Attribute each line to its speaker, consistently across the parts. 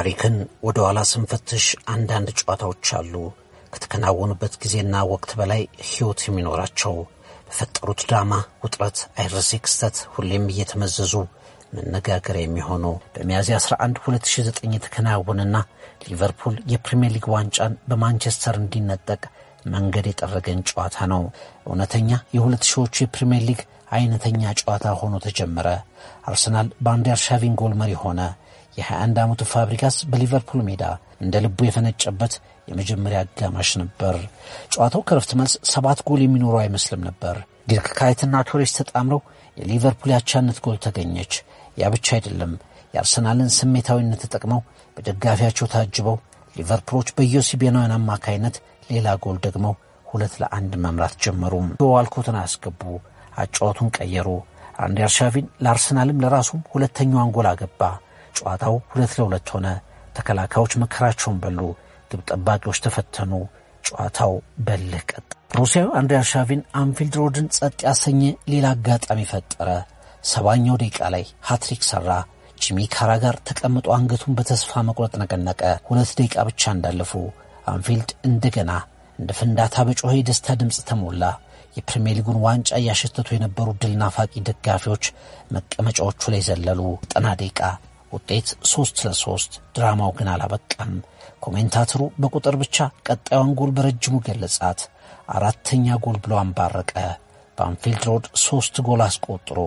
Speaker 1: ታሪክን ወደ ኋላ ስንፈትሽ አንዳንድ ጨዋታዎች አሉ ከተከናወኑበት ጊዜና ወቅት በላይ ሕይወት የሚኖራቸው በፈጠሩት ዳማ፣ ውጥረት፣ አይረሴ ክስተት ሁሌም እየተመዘዙ መነጋገር የሚሆኑ በሚያዝያ 11 2009 የተከናወነና ሊቨርፑል የፕሪምየር ሊግ ዋንጫን በማንቸስተር እንዲነጠቅ መንገድ የጠረገን ጨዋታ ነው። እውነተኛ የሁለት ሺዎቹ የፕሪምየር ሊግ አይነተኛ ጨዋታ ሆኖ ተጀመረ። አርሰናል በአንደር ሻቪን ጎል መሪ ሆነ። የ21 ዓመቱ ፋብሪጋስ በሊቨርፑል ሜዳ እንደ ልቡ የፈነጨበት የመጀመሪያ አጋማሽ ነበር። ጨዋታው ከረፍት መልስ ሰባት ጎል የሚኖረው አይመስልም ነበር። ዲርክ ካይትና ቶሬስ ተጣምረው የሊቨርፑል ያቻነት ጎል ተገኘች። ያ ብቻ አይደለም። የአርሰናልን ስሜታዊነት ተጠቅመው በደጋፊያቸው ታጅበው ሊቨርፑሎች በዮሲቤናውያን አማካይነት ሌላ ጎል ደግመው ሁለት ለአንድ መምራት ጀመሩ። ዋልኮትን አያስገቡ አጫዋቱን ቀየሩ። አንዴ ሻቪን ለአርሰናልም ለራሱም ሁለተኛዋን ጎል አገባ። ጨዋታው ሁለት ለሁለት ሆነ። ተከላካዮች መከራቸውን በሉ፣ ግብ ጠባቂዎች ተፈተኑ። ጨዋታው በልህ ቀጥ ሩሲያዊ ሻቪን አንፊልድ ሮድን ጸጥ ያሰኘ ሌላ አጋጣሚ ፈጠረ። ሰባኛው ደቂቃ ላይ ሃትሪክ ሰራ። ጂሚ ካራ ጋር ተቀምጦ አንገቱን በተስፋ መቁረጥ ነቀነቀ። ሁለት ደቂቃ ብቻ እንዳለፉ አንፊልድ እንደገና እንደ ፍንዳታ በጮኸ የደስታ ድምፅ ተሞላ። የፕሪሚየር ሊጉን ዋንጫ እያሸተቱ የነበሩ ድል ናፋቂ ደጋፊዎች መቀመጫዎቹ ላይ ዘለሉ። ዘጠና ደቂቃ ውጤት ሶስት ለሶስት ድራማው ግን አላበቃም። ኮሜንታተሩ በቁጥር ብቻ ቀጣዩን ጎል በረጅሙ ገለጻት። አራተኛ ጎል ብሎ አንባረቀ። በአንፊልድ ሮድ ሶስት ጎል አስቆጥሮ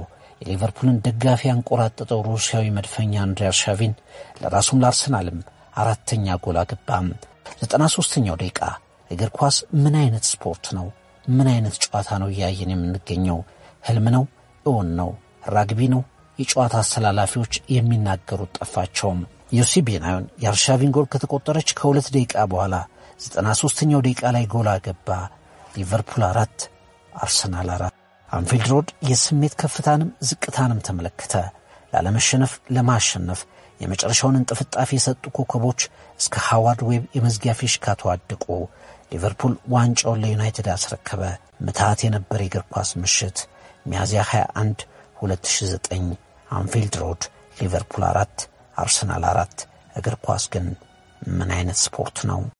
Speaker 1: የሊቨርፑልን ደጋፊ ያንቆራጠጠው ሩሲያዊ መድፈኛ አንድሪያር ሻቪን ለራሱም ላርሰናልም አራተኛ ጎል አገባም። ዘጠና ሦስተኛው ደቂቃ እግር ኳስ ምን አይነት ስፖርት ነው? ምን አይነት ጨዋታ ነው እያየን የምንገኘው? ህልም ነው? እውን ነው? ራግቢ ነው? የጨዋታ አስተላላፊዎች የሚናገሩት ጠፋቸውም። ዮሲ ቤናዩን የአርሻቪን ጎል ከተቆጠረች ከሁለት ደቂቃ በኋላ 93ኛው ደቂቃ ላይ ጎል አገባ። ሊቨርፑል አራት አርሰናል አራት። አንፊልድ ሮድ የስሜት ከፍታንም ዝቅታንም ተመለከተ። ላለመሸነፍ ለማሸነፍ የመጨረሻውን እንጥፍጣፊ የሰጡ ኮከቦች እስከ ሃዋርድ ዌብ የመዝጊያ ፊሽካ ተዋደቁ። ሊቨርፑል ዋንጫውን ለዩናይትድ ያስረከበ ምትሃት የነበረ የእግር ኳስ ምሽት ሚያዝያ 21 2009 አንፊልድ ሮድ ሊቨርፑል አራት አርሰናል አራት እግር ኳስ ግን ምን አይነት ስፖርት ነው?